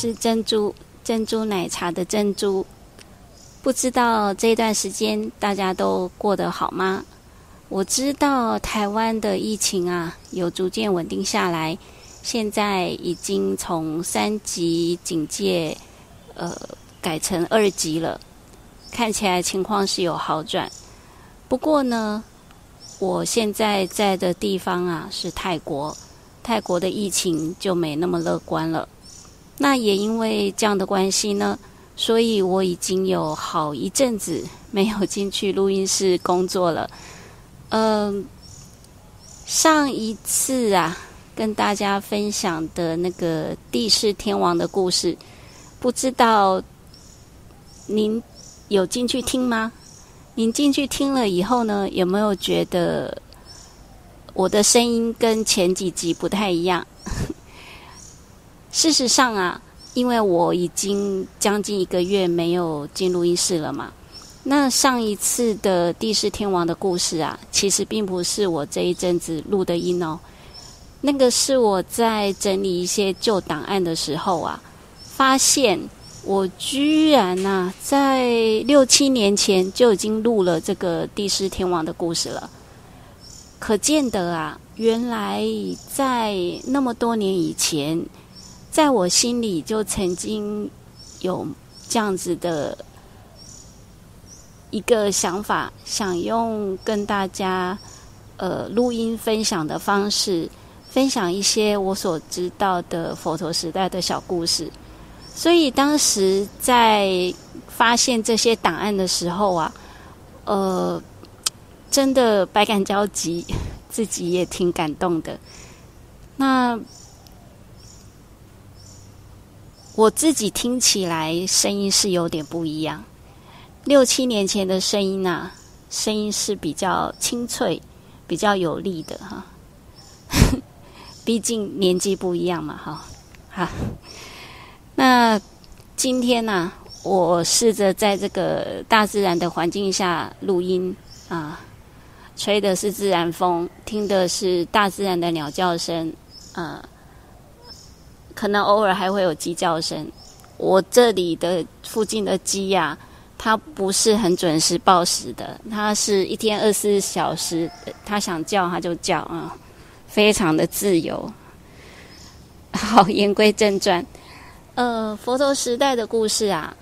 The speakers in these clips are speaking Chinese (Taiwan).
是珍珠，珍珠奶茶的珍珠，不知道這段時間大家都過得好嗎？我知道台灣的疫情啊有逐漸穩定下來，現在已經從三級警戒呃改成二級了，看起來情況是有好轉。不過呢，我現在在的地方啊是泰國，泰國的疫情就沒那麼樂觀了。那也因為這樣的關係呢，所以我已經有好一陣子沒有進去錄音室工作了。嗯，上一次啊，跟大家分享的那個帝釋天王的故事，不知道您有進去聽嗎？您進去聽了以後呢，有沒有覺得我的聲音跟前幾集不太一樣？事實上啊，因為我已經將近一個月沒有進錄音室了嘛，那上一次的帝釋天王的故事啊，其實並不是我這一陣子錄的音哦，那個是我在整理一些舊檔案的時候啊，發現我居然啊，在六七年前就已經錄了這個帝釋天王的故事了，可見得啊，原來在那麼多年以前。在我心裡就曾經有這樣子的一個想法，想用跟大家呃錄音分享的方式，分享一些我所知道的佛陀時代的小故事。所以當時在發現這些檔案的時候啊，呃，真的百感交集，自己也挺感動的。那。我自己聽起來聲音是有點不一樣，六七年前的聲音啊，聲音是比較清脆、比較有力的哈。啊、 畢竟年紀不一樣嘛，哈，那今天呢、啊，我試着在這個大自然的環境下錄音啊，吹的是自然風，聽的是大自然的鳥叫聲，啊。可能偶爾還會有雞叫聲。我這裡的附近的雞呀、啊，它不是很準時報時的，它是一天二十四小時，它想叫它就叫啊、嗯，非常的自由。好，言歸正傳，呃，佛陀時代的故事啊，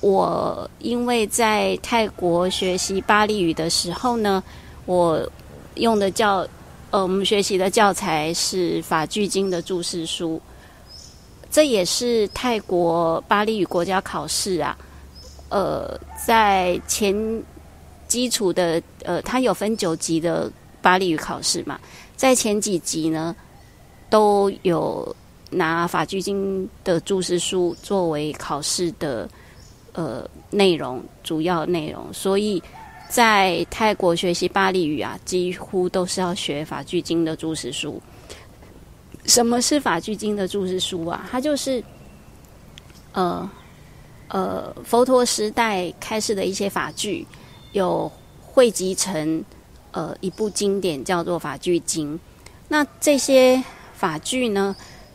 我因為在泰國學習巴利語的時候呢，我用的教，呃，我、嗯、們學習的教材是《法句經》的注釋書。這也是泰國巴利語國家考試啊，呃，在前基礎的呃，它有分九級的巴利語考試嘛，在前幾級呢，都有拿法句經的注釋書作為考試的呃內容，主要內容，所以在泰國學習巴利語啊，幾乎都是要學法句經的注釋書。什麼是法句經的註釋書啊？它就是，呃，呃，佛陀時代開始的一些法句有匯集成呃一部經典叫做《法句經》。那這些法句呢，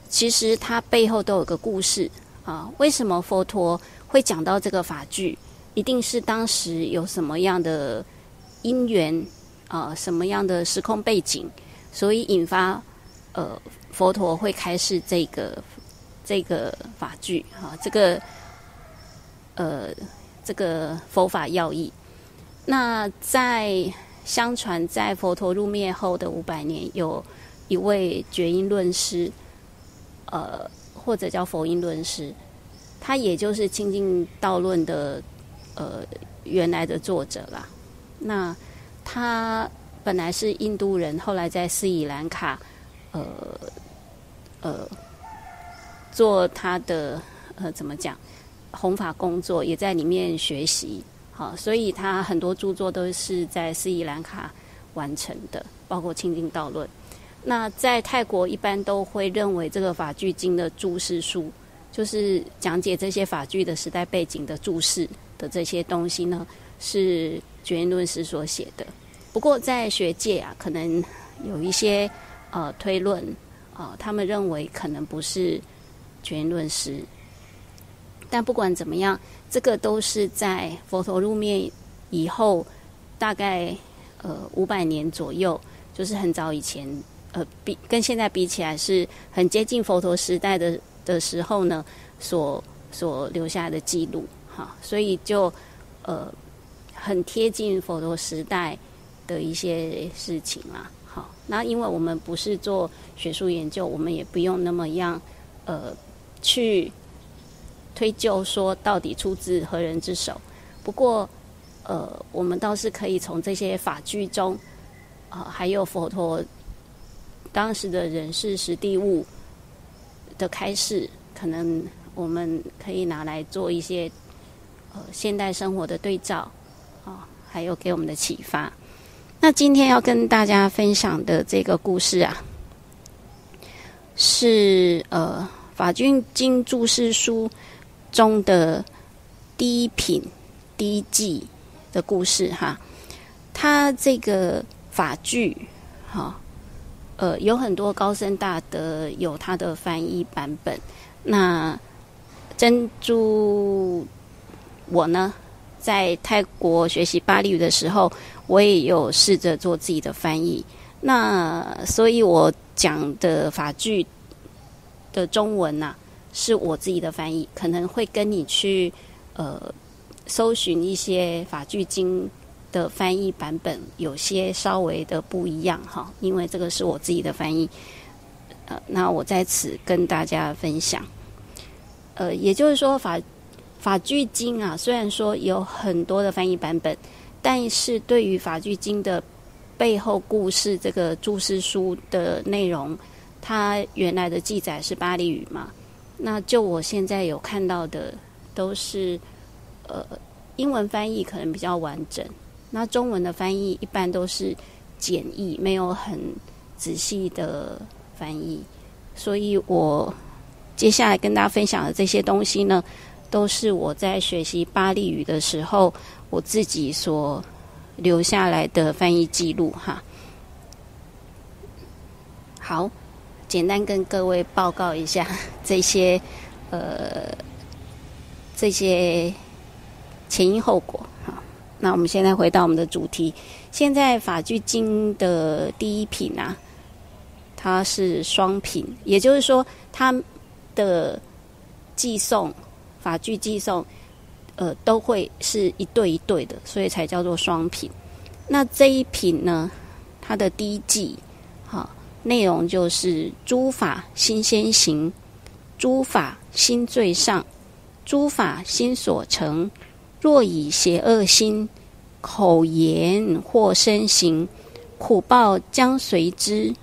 其實它背後都有個故事啊。為什麼佛陀會講到這個法句？一定是當時有什麼樣的因緣啊，什麼樣的時空背景，所以引發呃。佛陀會開示這個這個法句，哈、啊，這個呃，這個佛法要義。那在相傳，在佛陀入滅後的五百年，有一位覺音論師，呃，或者叫佛音論師，他也就是《清淨道論》的呃原來的作者啦。那他本來是印度人，後來在斯里蘭卡，呃。呃，做他的呃怎麼講，弘法工作也在裡面學習，好、啊，所以他很多著作都是在斯里蘭卡完成的，包括《清淨道論》。那在泰國一般都會認為這個法句經的註釋書，就是講解這些法句的時代背景的註釋的這些東西呢，是覺音論師所寫的。不過在學界啊，可能有一些呃推論。啊、哦，他們認為可能不是全論師，但不管怎麼樣，這個都是在佛陀入滅以後大概呃五百年左右，就是很早以前，呃比跟現在比起來是很接近佛陀時代的的時候呢，所所留下的記錄，哈、哦，所以就呃很貼近佛陀時代的一些事情啦。那因為我們不是做學術研究，我們也不用那麼樣，呃，去推究說到底出自何人之手。不過，呃，我們倒是可以從這些法句中，啊、呃，還有佛陀當時的人事、時地物的開示，可能我們可以拿來做一些呃現代生活的對照，啊、呃，還有給我們的啟發。那今天要跟大家分享的這個故事啊，是呃《法句經注釋書》中的第一品第一季的故事哈。它這個法句哈、哦，呃，有很多高僧大德有他的翻譯版本。那珍珠，我呢？在泰國學習巴利語的時候，我也有試着做自己的翻譯。那所以，我講的法句的中文吶、啊，是我自己的翻譯，可能會跟你去呃搜尋一些法句經的翻譯版本有些稍微的不一樣哈，因為這個是我自己的翻譯。呃，那我在此跟大家分享，呃，也就是說法。法句經啊，雖然說有很多的翻譯版本，但是對於法句經的背後故事，這個註釋書的內容，它原來的記載是巴利語嘛。那就我現在有看到的都是呃英文翻譯可能比較完整，那中文的翻譯一般都是簡易，沒有很仔細的翻譯，所以我接下來跟大家分享的這些東西呢。都是我在學習巴利語的時候，我自己所留下來的翻譯記錄哈。好，簡單跟各位報告一下這些呃這些前因後果。好，那我們現在回到我們的主題。現在法句經的第一品啊，它是雙品，也就是說它的偈誦。法句偈誦，呃，都會是一對一對的，所以才叫做雙品。那這一品呢，它的第一偈，好、哦、內容就是：諸法心先行，諸法心最上，諸法心所成。若以邪惡心，口言或身行，苦報將隨之，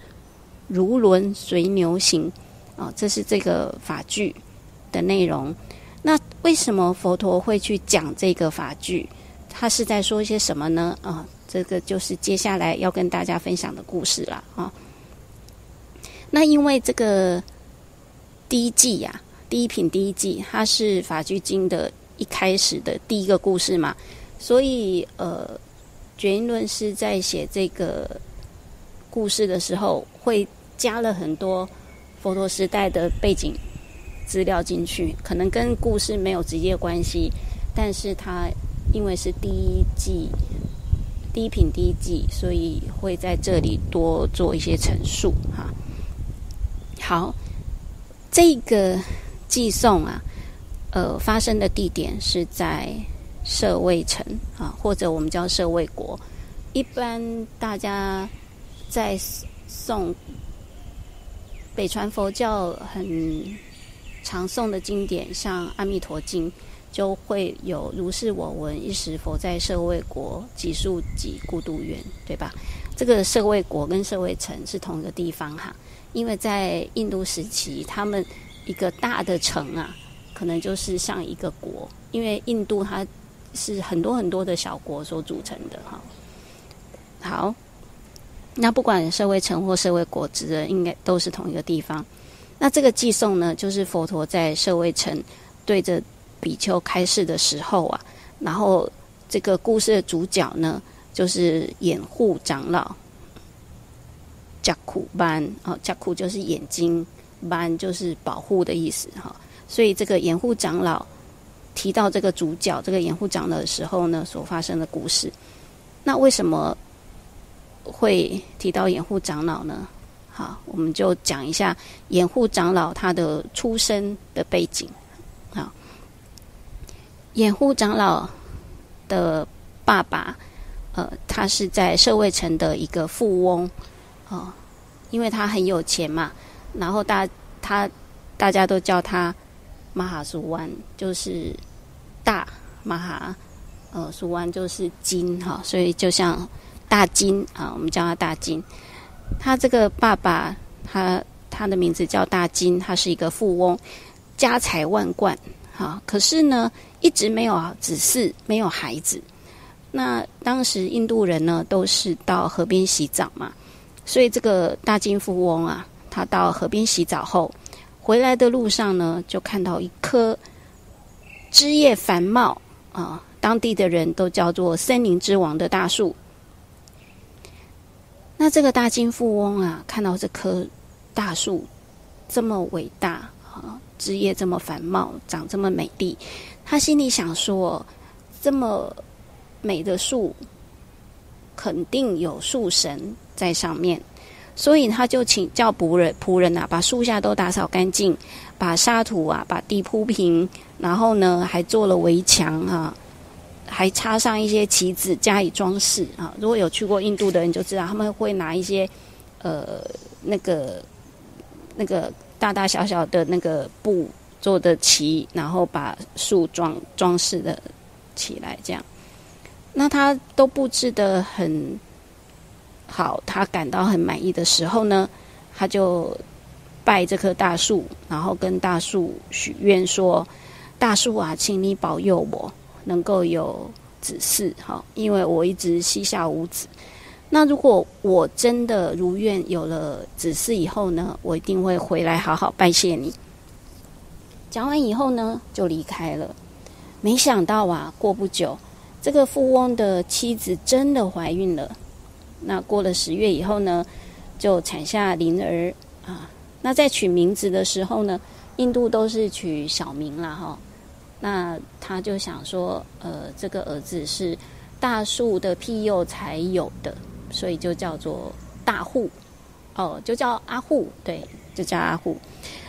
如輪隨牛行。啊、哦，這是這個法句的內容。那為什麼佛陀會去講這個法句？他是在說一些什麼呢？啊，這個就是接下來要跟大家分享的故事了啊。那因為這個第一偈呀、啊，第一品第一偈，它是法句經的一開始的第一個故事嘛，所以呃，覺音論師在寫這個故事的時候，會加了很多佛陀時代的背景。資料進去可能跟故事沒有直接關係，但是他因為是第一偈，第一品第一偈，所以會在這裡多做一些陳述哈、啊。好，這個偈誦啊，呃，發生的地點是在舍衛城啊，或者我們叫舍衛國。一般大家在誦北傳佛教很。常誦的經典，像《阿彌陀經》，就會有“如是我聞，一時佛在舍衛國，祇樹給孤獨園”，對吧？這個“舍衛國”跟“舍衛城”是同一個地方哈、啊，因為在印度時期，他們一個大的城啊，可能就是像一個國，因為印度它是很多很多的小國所組成的哈。好，那不管“舍衛城”或“舍衛國”指的，應該都是同一個地方。那這個偈誦呢，就是佛陀在舍衛城對着比丘開示的時候啊，然後這個故事的主角呢，就是眼護長老，加庫班啊，加、哦、庫就是眼睛，班就是保護的意思哈、哦。所以這個眼護長老提到這個主角，這個眼護長老的時候呢，所發生的故事，那為什麼會提到眼護長老呢？好，我們就講一下眼護長老他的出生的背景。好，眼護長老的爸爸，呃，他是在舍衛城的一個富翁，哦，因為他很有錢嘛。然後大他，他大家都叫他馬哈蘇灣，就是大馬哈，呃，蘇灣就是金哈，所以就像大金啊，我們叫他大金。他這個爸爸，他他的名字叫大金，他是一個富翁，家財萬貫，哈、啊，可是呢，一直沒有，只是沒有孩子。那當時印度人呢，都是到河邊洗澡嘛，所以這個大金富翁啊，他到河邊洗澡後，回來的路上呢，就看到一棵枝葉繁茂啊，當地的人都叫做森林之王的大樹。那這個大金富翁啊，看到這棵大樹這麼偉大啊，枝葉這麼繁茂，長這麼美麗，他心裡想說：這麼美的樹，肯定有樹神在上面，所以他就請叫僕人僕人吶、啊，把樹下都打掃乾淨，把沙土啊，把地鋪平，然後呢，還做了圍牆啊。還插上一些旗子，加以裝飾啊！如果有去過印度的人就知道，他們會拿一些呃那個那個大大小小的那個布做的旗，然後把樹裝裝飾的起來，這樣。那他都布置得很好，他感到很滿意的時候呢，他就拜這棵大樹，然後跟大樹許願說：“大樹啊，請你保佑我。”能夠有子嗣，哈，因為我一直膝下無子。那如果我真的如願有了子嗣以後呢，我一定會回來好好拜謝你。講完以後呢，就離開了。沒想到啊，過不久，這個富翁的妻子真的懷孕了。那過了十月以後呢，就產下麟兒啊。那在取名字的時候呢，印度都是取小名啦，哈、哦。那他就想說，呃，這個兒子是大樹的庇佑才有的，所以就叫做大護，哦，就叫阿護，對，就叫阿護。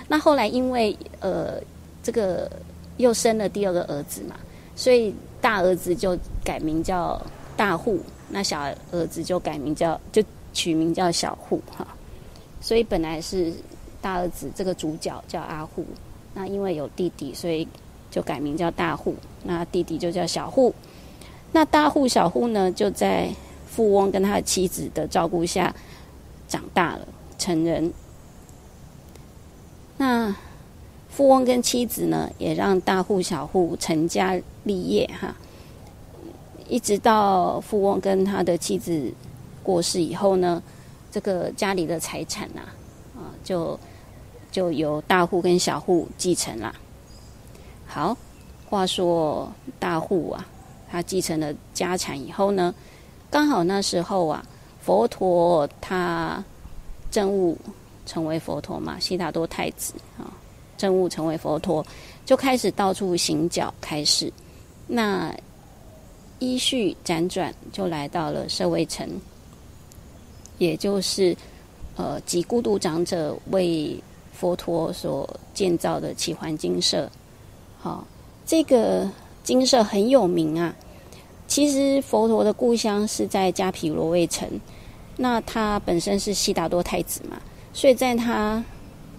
那後來因為呃，這個又生了第二個兒子嘛，所以大兒子就改名叫大護，那小兒子就改名叫就取名叫小護哈、哦。所以本來是大兒子這個主角叫阿護，那因為有弟弟，所以。就改名叫大戶，那弟弟就叫小戶。那大戶小戶呢，就在富翁跟他的妻子的照顧下長大了成人。那富翁跟妻子呢，也讓大戶小戶成家立業哈。一直到富翁跟他的妻子過世以後呢，這個家裡的財產啊，啊就就由大戶跟小戶繼承了。好，話說大戶啊，他繼承了家產以後呢，剛好那時候啊，佛陀他證悟成為佛陀嘛，悉達多太子啊，證悟成為佛陀，就開始到處行腳開始。那依序輾轉就來到了舍衛城，也就是呃，給孤獨長者為佛陀所建造的祇洹精舍。好、哦，這個金色很有名啊。其實佛陀的故鄉是在迦毗羅衛城，那他本身是悉達多太子嘛，所以在他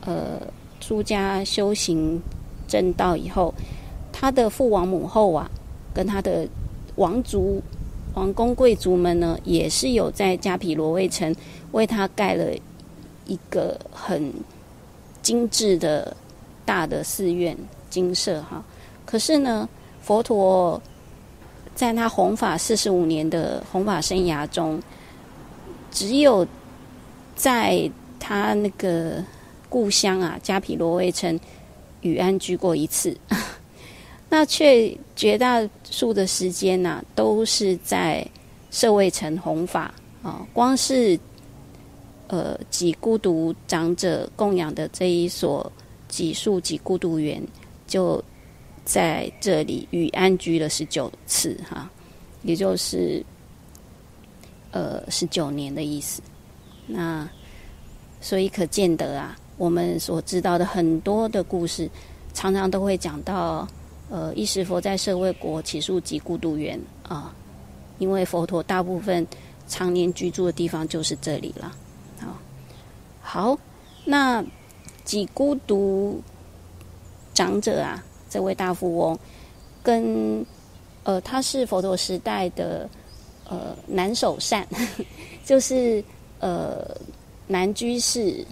呃出家修行正道以後，他的父王母後啊，跟他的王族、王公貴族們呢，也是有在迦毗羅衛城為他蓋了一個很精緻的大的寺院。精舍哈、哦，可是呢，佛陀在他弘法四十五年的弘法生涯中，只有在他那個故鄉啊，迦毗羅衛城雨安居過一次， 那卻絕大數的時間吶、啊，都是在舍衛城弘法啊。光是，呃，給孤獨長者供養的這一所祇樹給孤獨園。就在這裡，雨安居了十九次哈、啊，也就是呃十九年的意思。那所以可見得啊，我們所知道的很多的故事，常常都會講到，呃，一時佛在舍衛國祇樹給孤獨園啊，因為佛陀大部分常年居住的地方就是這裡了。好，好，那給孤獨。長者啊，這位大富翁，跟呃，他是佛陀時代的呃男首善呵呵，就是呃男居士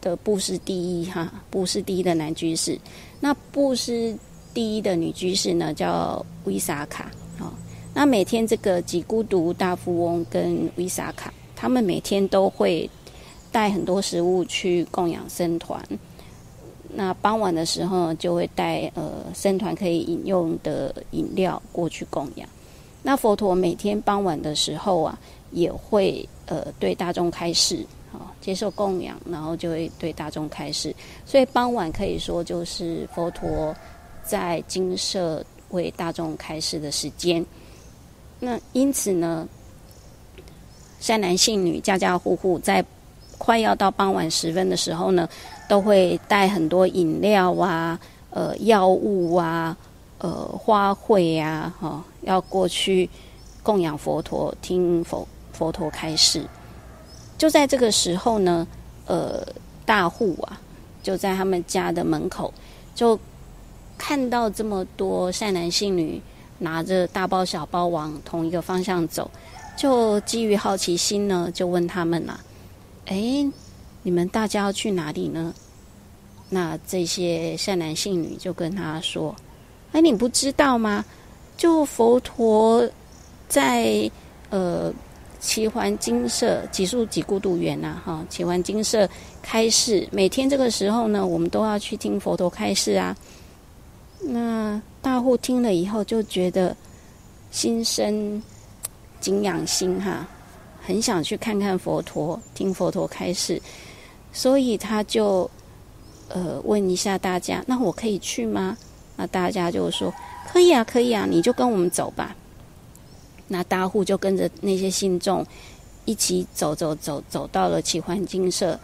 的布施第一哈，布施第一的男居士。那布施第一的女居士呢，叫維薩卡啊。那每天這個給孤獨大富翁跟維薩卡，他們每天都會帶很多食物去供養僧團。那傍晚的時候，就會帶呃僧團可以飲用的飲料過去供養。那佛陀每天傍晚的時候啊，也會呃對大眾開示啊，接受供養，然後就會對大眾開示。所以傍晚可以說就是佛陀在精舍為大眾開示的時間。那因此呢，善男信女家家戶戶在快要到傍晚時分的時候呢，都會帶很多飲料啊，呃，藥物啊，呃，花卉啊，哈、哦，要過去供養佛陀，聽佛佛陀開示。就在這個時候呢，呃，大戶啊，就在他們家的門口，就看到這麼多善男信女拿着大包小包往同一個方向走，就基於好奇心呢，就問他們了、啊，哎。你們大家要去哪裡呢？那這些善男信女就跟他說：“哎，你不知道嗎？就佛陀在呃奇幻金色幾樹幾孤獨園吶、啊，哈，奇幻金色開示，每天這個時候呢，我們都要去聽佛陀開示啊。那大戶聽了以後，就覺得心生敬仰心哈、啊，很想去看看佛陀，聽佛陀開示。”所以他就，呃，問一下大家，那我可以去嗎？那大家就說可以啊，可以啊，你就跟我們走吧。那大戶就跟着那些信眾一起走走走，走，走到了祇桓精舍。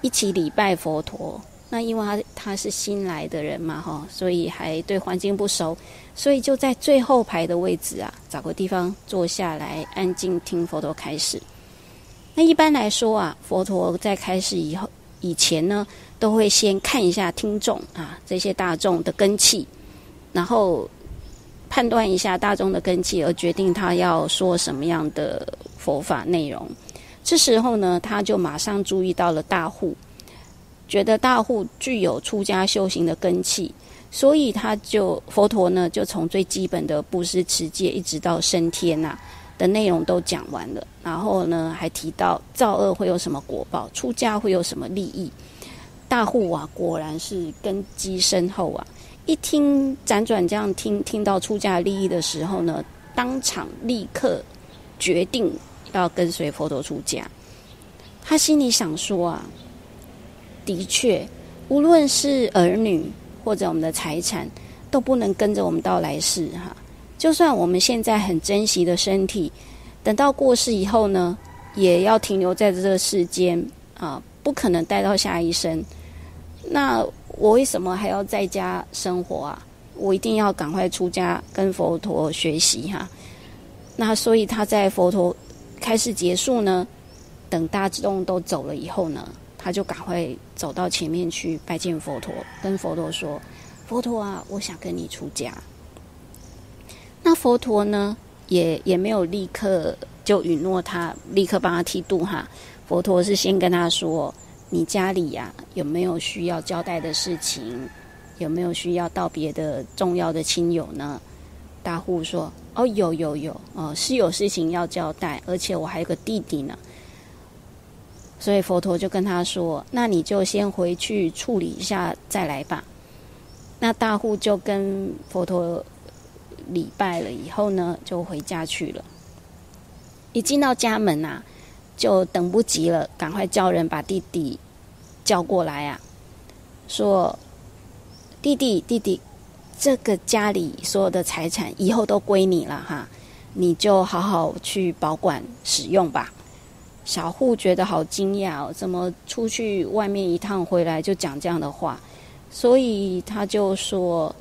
一起禮拜佛陀。那因為他他是新來的人嘛，哈、哦，所以還對環境不熟，所以就在最後排的位置啊，找個地方坐下來，安靜聽佛陀開示。那一般來說啊，佛陀在開始以後以前呢，都會先看一下聽眾啊，這些大眾的根器，然後判斷一下大眾的根器，而決定他要說什麼樣的佛法內容。這時候呢，他就馬上注意到了大護，覺得大護具有出家修行的根器，所以他就佛陀呢就從最基本的布施持戒，一直到升天吶、啊。的內容都講完了，然後呢，還提到造惡會有什麼果報，出家會有什麼利益。大戶啊，果然是根基深厚啊！一聽輾轉這樣聽，聽到出家利益的時候呢，當場立刻決定要跟隨佛陀出家。他心裡想說啊，的確，無論是兒女或者我們的財產，都不能跟着我們到來世哈、啊。就算我們現在很珍惜的身體，等到過世以後呢，也要停留在這個世間啊，不可能帶到下一生。那我為什麼還要在家生活啊？我一定要趕快出家，跟佛陀學習哈、啊。那所以他在佛陀開示結束呢，等大眾都走了以後呢，他就趕快走到前面去拜見佛陀，跟佛陀說：“佛陀啊，我想跟你出家。”那佛陀呢，也也沒有立刻就允諾他立刻幫他剃度哈。佛陀是先跟他說：“你家裡呀、啊、有沒有需要交代的事情？有沒有需要道別的重要的親友呢？”大戶說：“哦，有有有，哦，是有事情要交代，而且我還有個弟弟呢。”所以佛陀就跟他說：“那你就先回去處理一下再來吧。”那大戶就跟佛陀。禮拜了以後呢，就回家去了。一進到家門啊，就等不及了，趕快叫人把弟弟叫過來啊，說：“弟弟，弟弟，這個家裡所有的財產以後都歸你了哈，你就好好去保管使用吧。”小護覺得好驚訝哦，怎麼出去外面一趟回來就講這樣的話？所以他就說：“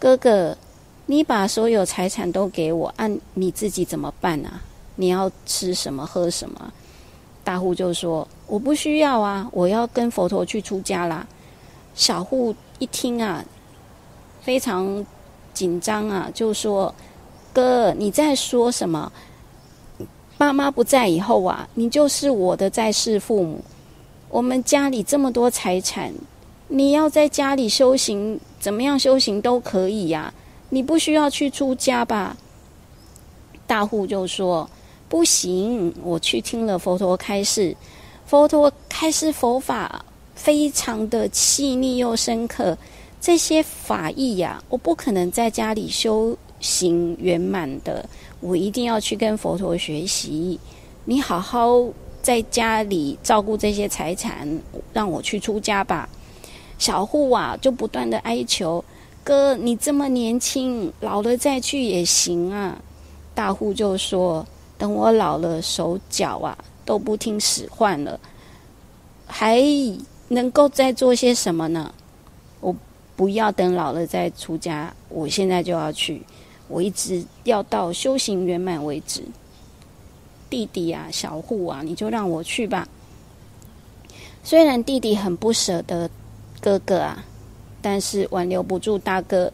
哥哥。”你把所有財產都給我，按、啊、你自己怎麼辦啊？你要吃什麼喝什麼？大護就說：“我不需要啊，我要跟佛陀去出家啦。”小護一聽啊，非常緊張啊，就說：“哥，你在說什麼？爸媽不在以後啊，你就是我的在世父母。我們家裡這麼多財產，你要在家裡修行，怎麼樣修行都可以呀、啊。”你不需要去出家吧？大護就說：“不行，我去聽了佛陀開示，佛陀開示佛法非常的細膩又深刻，這些法義呀，我不可能在家裡修行圓滿的，我一定要去跟佛陀學習。你好好在家裡照顧這些財產，讓我去出家吧。”小護啊，就不斷的哀求。哥，你這麼年輕，老了再去也行啊。大戶就說：“等我老了，手腳啊都不聽使喚了，還能夠再做些什麼呢？我不要等老了再出家，我現在就要去，我一直要到修行圓滿為止。”弟弟啊，小戶啊，你就讓我去吧。雖然弟弟很不舍得哥哥啊。但是挽留不住大哥，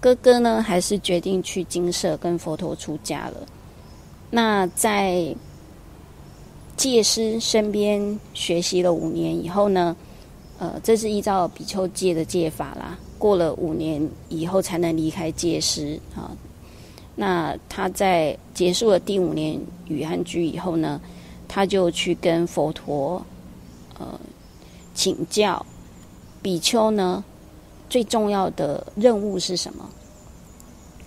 哥哥呢，還是決定去精舍跟佛陀出家了。那在戒師身邊學習了五年以後呢，呃，這是依照比丘戒的戒法啦。過了五年以後才能離開戒師啊。那他在結束了第五年雨安居以後呢，他就去跟佛陀，呃，請教比丘呢，最重要的任務是什麼？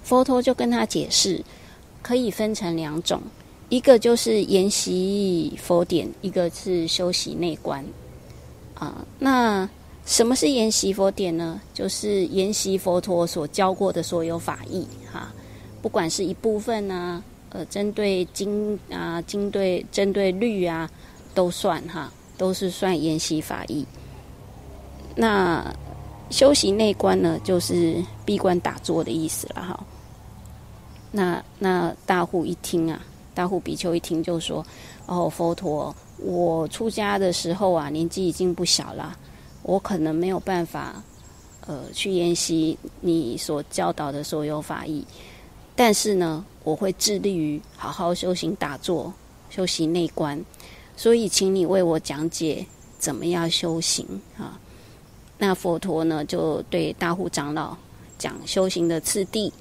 佛陀就跟他解釋，可以分成兩種，一個就是研習佛典，一個是修習內觀。啊，那什麼是研習佛典呢？就是研習佛陀所教過的所有法義哈、啊，不管是一部分啊，呃，針對經啊、經對、針對律啊，都算哈、啊，都是算研習法義。那修行內觀呢，就是閉關打坐的意思了哈。那那大護一聽啊，大護比丘一聽就說：“哦，佛陀，我出家的時候啊，年紀已經不小了，我可能沒有辦法，呃，去研習你所教導的所有法義。但是呢，我會致力於好好修行打坐，修行內觀。所以，請你為我講解怎麼樣修行啊。”那佛陀呢，就對大護長老講修行的次第，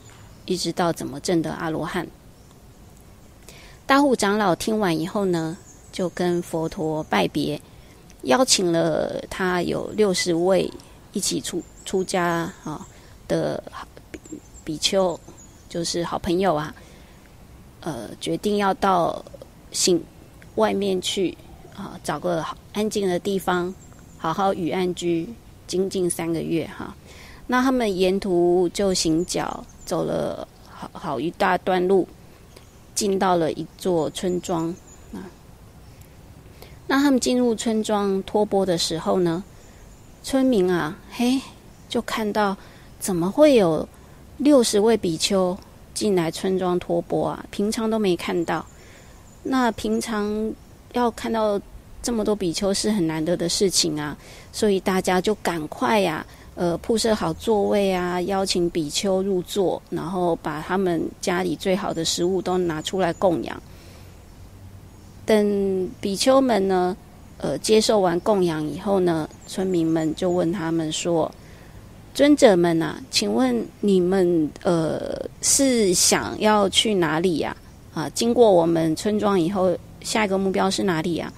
一直到怎麼證得阿羅漢。大護長老聽完以後呢，就跟佛陀拜別，邀請了他有六十位一起出出家啊的比丘，就是好朋友啊，呃，決定要到醒外面去啊，找個安靜的地方，好好雨安居。精進三個月哈、啊，那他們沿途就行腳走了好好一大段路，進到了一座村莊，啊。那他們進入村莊托缽的時候呢，村民啊，嘿，就看到怎麼會有六十位比丘進來村莊托缽啊？平常都沒看到。那平常要看到。這麼多比丘是很難得的事情啊，所以大家就趕快呀，呃，鋪設好座位啊，邀請比丘入座，然後把他們家裡最好的食物都拿出來供養。等比丘們呢，呃，接受完供養以後呢，村民們就問他們說：“尊者們啊，請問你們呃是想要去哪裡呀？啊，經過我們村莊以後，下一個目標是哪裡呀？”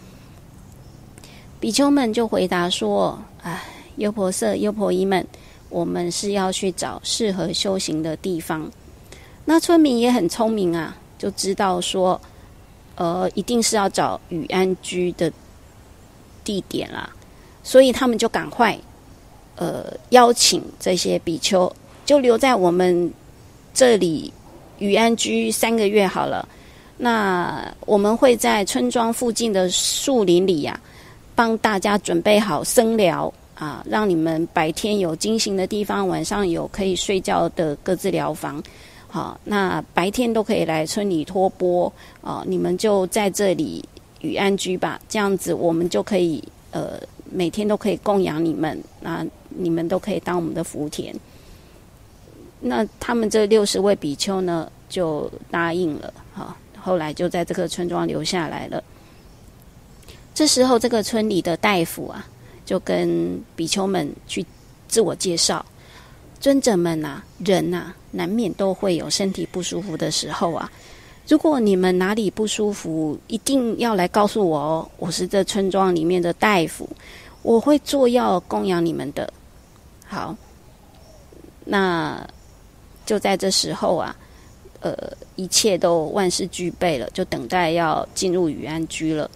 比丘們就回答說：“哎，優婆塞、優婆夷們，我們是要去找適合修行的地方。那村民也很聰明啊，就知道說，呃，一定是要找雨安居的地點啦。所以他們就趕快，呃，邀請這些比丘，就留在我們這裡雨安居三個月好了。那我們會在村莊附近的樹林裡呀、啊。”幫大家準備好僧寮啊，讓你們白天有經行的地方，晚上有可以睡覺的各自寮房。好，那白天都可以來村裡托缽啊，你們就在這裡雨安居吧。這樣子，我們就可以呃，每天都可以供養你們，那、啊、你們都可以當我們的福田。那他們這六十位比丘呢，就答應了。好、啊，後來就在這個村莊留下來了。這時候，這個村裡的大夫啊，就跟比丘們去自我介紹。尊者們吶、啊，人吶、啊，難免都會有身體不舒服的時候啊。如果你們哪裡不舒服，一定要來告訴我哦。我是這村莊裡面的大夫，我會做藥供養你們的。好，那就在這時候啊，呃，一切都萬事俱備了，就等待要進入雨安居了。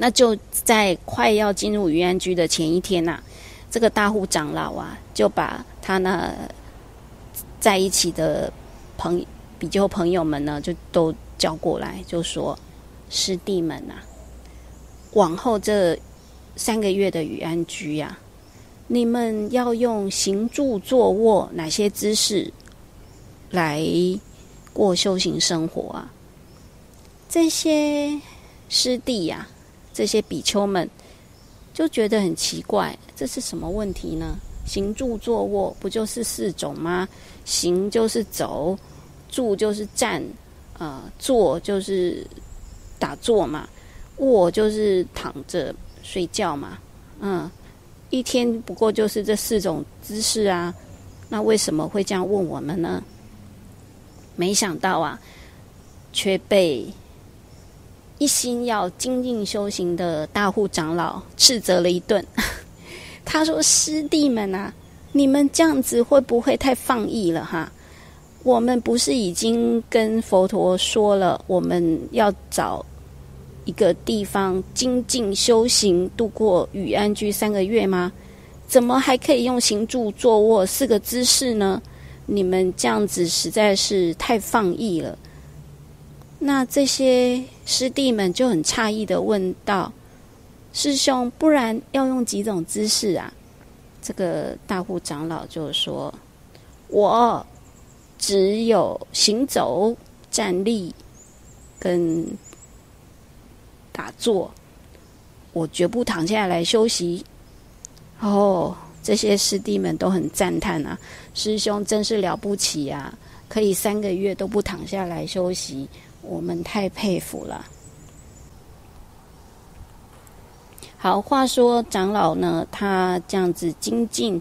那就在快要進入雨安居的前一天吶、啊，這個大護長老啊，就把他那在一起的朋，比較朋友們呢，就都叫過來，就說：“師弟們吶、啊，往後這三個月的雨安居呀、啊，你們要用行住坐臥哪些姿勢來過修行生活啊？”這些師弟呀、啊。這些比丘們就覺得很奇怪，這是什麼問題呢？行、住、坐、臥不就是四種嗎？行就是走，住就是站，啊、呃，坐就是打坐嘛，臥就是躺着睡覺嘛。嗯，一天不過就是這四種姿勢啊，那為什麼會這樣問我們呢？沒想到啊，卻被。一心要精進修行的大護長老斥責了一頓。 他說：“師弟們啊，你們這樣子會不會太放逸了哈？我們不是已經跟佛陀說了，我們要找一個地方精進修行，度過雨安居三個月嗎？怎麼還可以用行住坐臥四個姿勢呢？你們這樣子實在是太放逸了。”那這些師弟們就很詫異的問道：“師兄，不然要用幾種姿勢啊？”這個大護長老就說：“我只有行走、站立跟打坐，我絕不躺下來休息。”哦，然後這些師弟們都很讚嘆啊：“師兄真是了不起啊，可以三個月都不躺下來休息。”我們太佩服了。好，話說長老呢，他這樣子精進，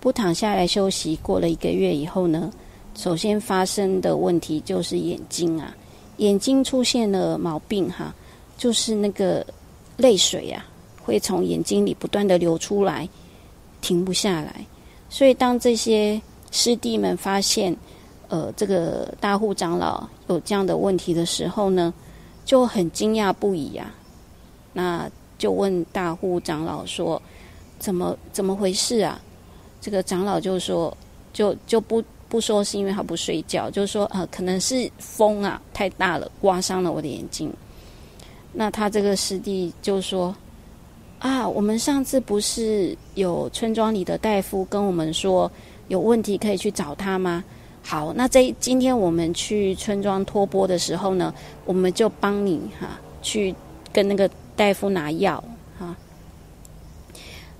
不躺下來休息，過了一個月以後呢，首先發生的問題就是眼睛啊，眼睛出現了毛病哈、啊，就是那個淚水啊，會從眼睛裡不斷地流出來，停不下來。所以當這些師弟們發現。呃，這個大護長老有這樣的問題的時候呢，就很驚訝不已啊，那就問大護長老說：“怎麼怎麼回事啊？”這個長老就說：“就就不不說是因為他不睡覺，就說啊、呃，可能是風啊太大了，刮傷了我的眼睛。”那他這個師弟就說：“啊，我們上次不是有村莊裡的大夫跟我們說有問題可以去找他嗎？”好，那在今天我們去村莊托缽的時候呢，我們就幫你哈、啊、去跟那個大夫拿藥哈、啊。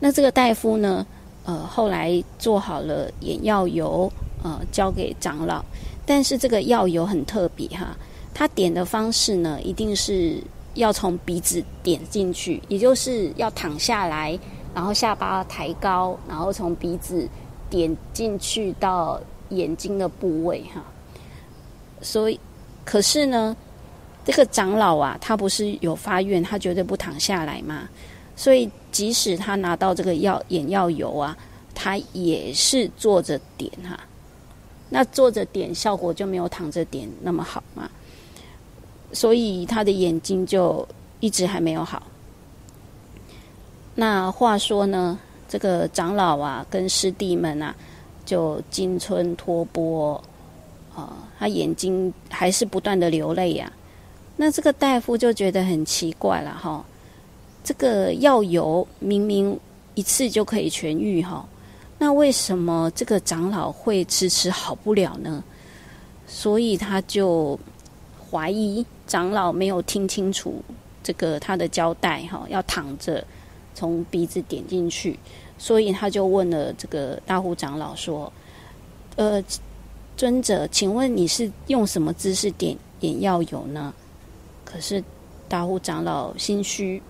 那這個大夫呢，呃，後來做好了眼藥油，呃，交給長老。但是這個藥油很特別哈、啊，他點的方式呢，一定是要從鼻子點進去，也就是要躺下來，然後下巴抬高，然後從鼻子點進去到。眼睛的部位哈、啊，所以可是呢，這個長老啊，他不是有發願，他絕對不躺下來嘛。所以即使他拿到這個藥眼藥油啊，他也是坐着點哈、啊。那坐着點效果就沒有躺着點那麼好嘛。所以他的眼睛就一直還沒有好。那話說呢，這個長老啊，跟師弟們啊。就金春脫播，啊、哦，他眼睛還是不斷的流淚呀、啊。那這個大夫就覺得很奇怪了哈、哦，這個藥油明明一次就可以痊癒哈、哦，那為什麼這個長老會遲遲好不了呢？所以他就懷疑長老沒有聽清楚這個他的交代哈，要躺着從鼻子點進去。所以他就問了這個大護長老說：“呃，尊者，請問你是用什麼姿勢點點眼藥油呢？”可是大護長老心虛，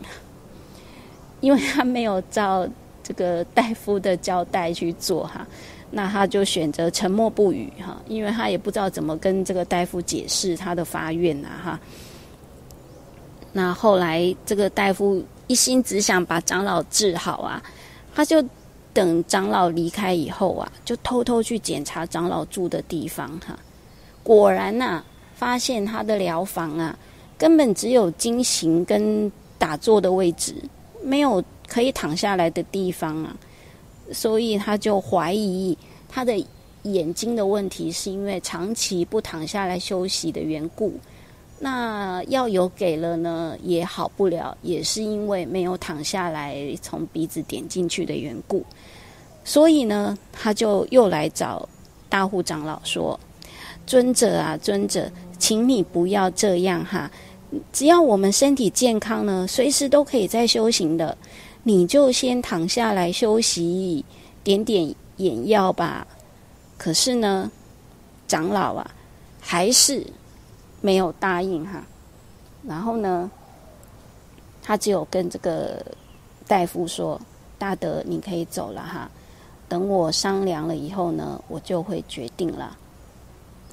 因為他沒有照這個大夫的交代去做哈。那他就選擇沉默不語哈，因為他也不知道怎麼跟這個大夫解釋他的發願啊哈。那後來這個大夫一心只想把長老治好啊。他就等長老離開以後啊，就偷偷去檢查長老住的地方哈、啊。果然呐、啊，發現他的寮房啊，根本只有經行跟打坐的位置，沒有可以躺下來的地方啊。所以他就懷疑他的眼睛的問題，是因為長期不躺下來休息的緣故。那藥油給了呢，也好不了，也是因為沒有躺下來從鼻子點進去的緣故。所以呢，他就又來找大護長老說：“尊者啊，尊者，請你不要這樣哈！只要我們身體健康呢，隨時都可以再修行的。你就先躺下來休息，點點眼藥吧。可是呢，長老啊，還是……”沒有答應哈，然後呢，他只有跟這個大夫說：“大德，你可以走了哈，等我商量了以後呢，我就會決定了。”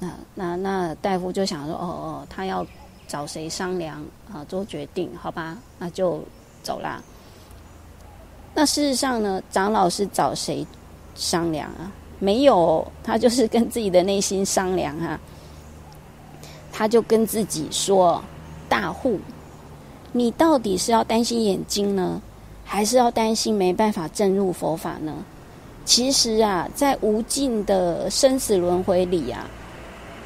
啊那那那大夫就想說：“哦哦，他要找誰商量啊？做決定？好吧，那就走啦。”那事實上呢，長老是找誰商量啊？沒有，他就是跟自己的內心商量啊。他就跟自己說：“大護，你到底是要擔心眼睛呢，還是要擔心沒辦法證入佛法呢？”其實啊，在無盡的生死輪回裡啊，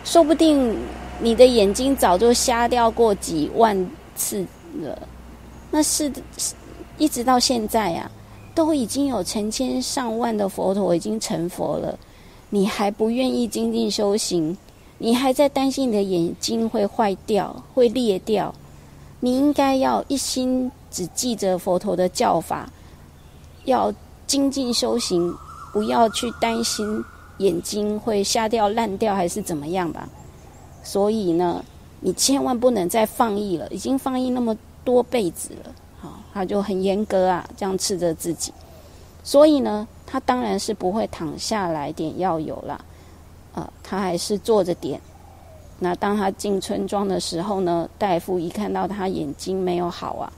說不定你的眼睛早就瞎掉過幾萬次了。那是，是一直到現在啊，都已經有成千上萬的佛陀已經成佛了，你還不願意精進修行。你還在擔心你的眼睛會壞掉，會裂掉。你應該要一心只記着佛陀的教法，要精進修行，不要去擔心眼睛會瞎掉、爛掉還是怎麼樣吧。所以呢，你千萬不能再放逸了，已經放逸那麼多輩子了。好，他就很嚴格啊，這樣斥責自己。所以呢，他當然是不會躺下來點藥油啦。呃，他還是坐着點。那當他進村莊的時候呢，大夫一看到他眼睛沒有好啊，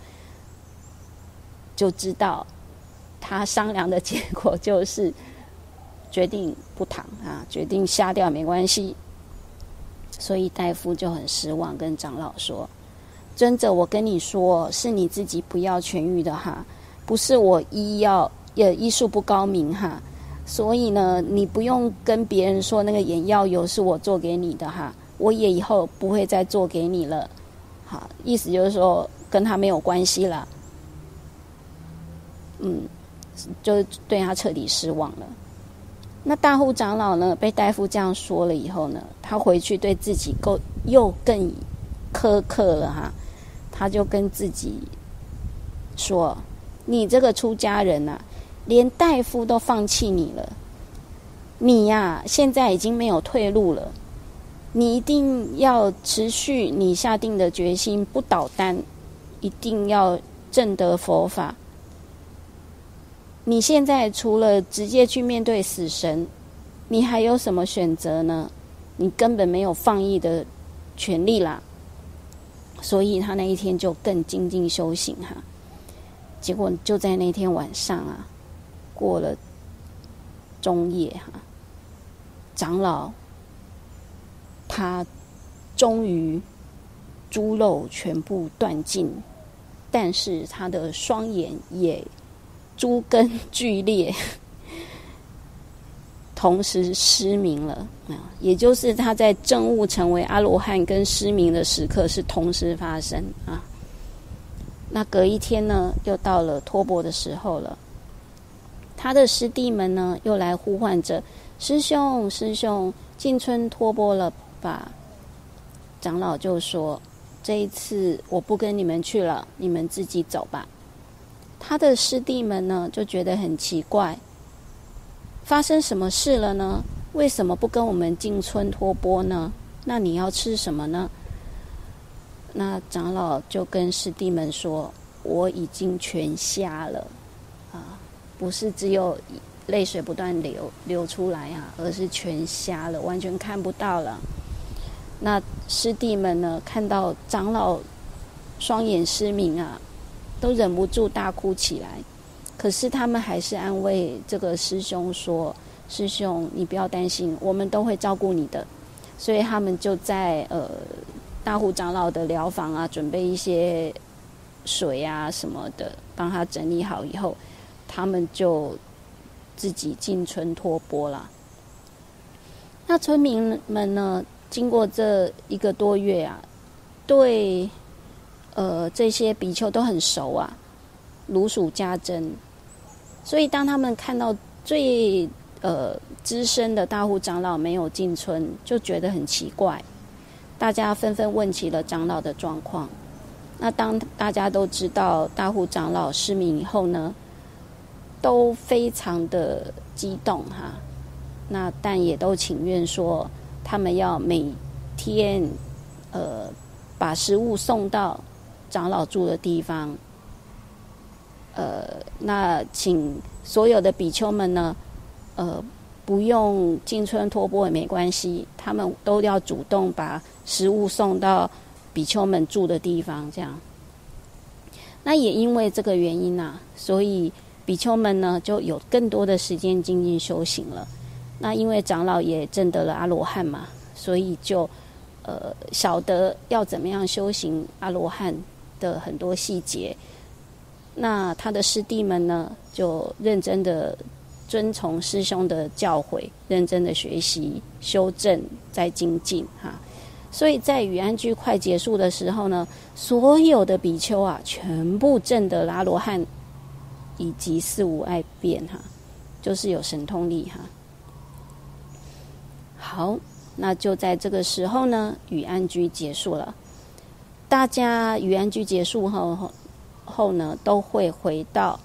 就知道他商量的結果就是決定不躺啊，決定瞎掉沒關係。所以大夫就很失望，跟長老說：“尊者，我跟你說，是你自己不要痊癒的哈，不是我醫藥也醫術不高明哈。”所以呢，你不用跟別人說那個眼藥油是我做給你的哈，我也以後不會再做給你了，好，意思就是說跟他沒有關係了，嗯，就對他徹底失望了。那大護長老呢，被大夫這樣說了以後呢，他回去對自己夠又更苛刻了哈，他就跟自己說：“你這個出家人吶、啊。”連大夫都放棄你了，你呀、啊，現在已經沒有退路了。你一定要持續你下定的決心，不倒單，一定要證得佛法。你現在除了直接去面對死神，你還有什麼選擇呢？你根本沒有放逸的權利啦。所以他那一天就更精進修行哈、啊。結果就在那天晚上啊。過了中夜哈、啊，長老他終於諸漏全部斷盡，但是他的雙眼也諸根俱裂，同時失明了。啊，也就是他在證悟成為阿羅漢跟失明的時刻是同時發生啊。那隔一天呢，又到了托缽的時候了。他的師弟們呢，又來呼喚着師兄，師兄，進村托缽了吧？長老就說：“這一次我不跟你們去了，你們自己走吧。”他的師弟們呢，就覺得很奇怪，發生什麼事了呢？為什麼不跟我們進村托缽呢？那你要吃什麼呢？那長老就跟師弟們說：“我已經全瞎了。”不是只有淚水不斷流流，出來啊，而是全瞎了，完全看不到了。那師弟們呢，看到長老雙眼失明啊，都忍不住大哭起來。可是他們還是安慰這個師兄說：“師兄，你不要擔心，我們都會照顧你的。”所以他們就在呃大護長老的寮房啊，準備一些水啊什麼的，幫他整理好以後。他們就自己進村托缽了。那村民們呢，經過這一個多月啊，對，呃，這些比丘都很熟啊，如數家珍。所以，當他們看到最呃資深的大護長老沒有進村，就覺得很奇怪。大家紛紛問起了長老的狀況。那當大家都知道大護長老失明以後呢，都非常的激動哈，那但也都情願說，他們要每天，呃，把食物送到長老住的地方，呃，那請所有的比丘們呢，呃，不用進村托缽也沒關係，他們都要主動把食物送到比丘們住的地方，這樣。那也因為這個原因吶、啊，所以。比丘們呢，就有更多的時間精進修行了。那因為長老也證得了阿羅漢嘛，所以就呃曉得要怎麼樣修行阿羅漢的很多細節。那他的師弟們呢，就認真的遵從師兄的教誨，認真的學習、修正、再精進哈。所以在雨安居快結束的時候呢，所有的比丘啊，全部證得了阿羅漢。以及四無礙辯哈，就是有神通力哈。好，那就在這個時候呢，雨安居結束了。大家雨安居結束後後呢，都會回到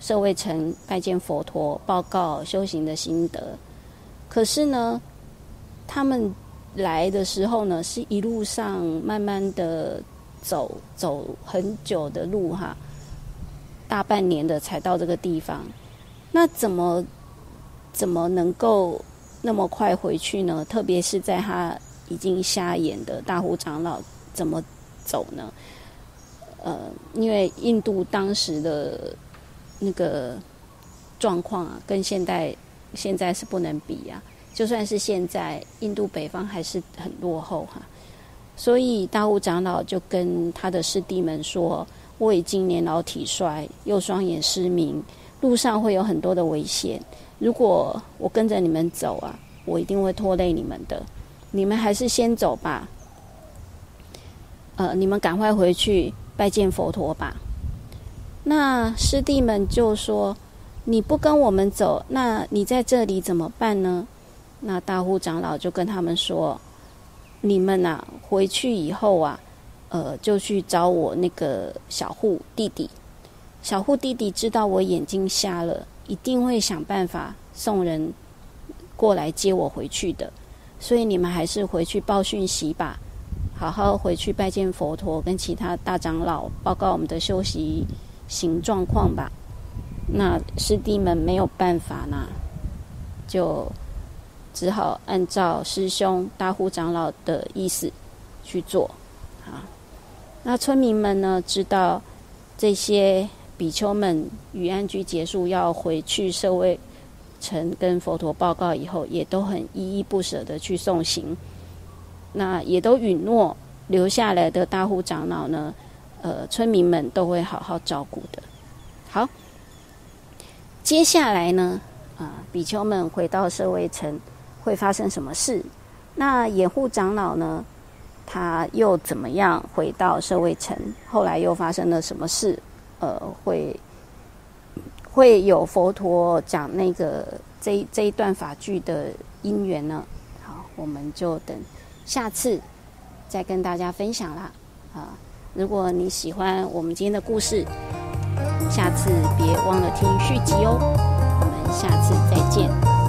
舍衛城拜見佛陀，報告修行的心得。可是呢，他們來的時候呢，是一路上慢慢的走，走很久的路哈。大半年的才到這個地方，那怎麼怎麼能夠那麼快回去呢？特別是在他已經瞎眼的大護長老，怎麼走呢？呃，因為印度當時的那個狀況啊，跟現代現在是不能比呀、啊。就算是現在，印度北方還是很落後哈、啊。所以大護長老就跟他的師弟們說。我已經年老體衰，又雙眼失明，路上會有很多的危險。如果我跟着你們走啊，我一定會拖累你們的。你們還是先走吧，呃，你們趕快回去拜見佛陀吧。那師弟們就說：“你不跟我們走，那你在這裡怎麼辦呢？”那大護長老就跟他們說：“你們吶、啊，回去以後啊。”呃，就去找我那個小護弟弟。小護弟弟知道我眼睛瞎了，一定會想辦法送人過來接我回去的。所以你們還是回去報訊息吧，好好回去拜見佛陀，跟其他大長老報告我們的修行狀況吧。那師弟們沒有辦法呢，就只好按照師兄大護長老的意思去做啊。好那村民們呢，知道這些比丘們雨安居結束要回去舍衛城跟佛陀報告以後，也都很依依不捨的去送行。那也都允諾留下來的大護長老呢，呃，村民們都會好好照顧的。好，接下來呢，啊、呃，比丘們回到舍衛城會發生什麼事？那眼護長老呢？他又怎麼樣回到舍衛城？後來又發生了什麼事？呃，會會有佛陀講那個這這一段法句的因緣呢？好，我們就等下次再跟大家分享啦。啊，如果你喜歡我們今天的故事，下次別忘了聽續集哦。我們下次再見。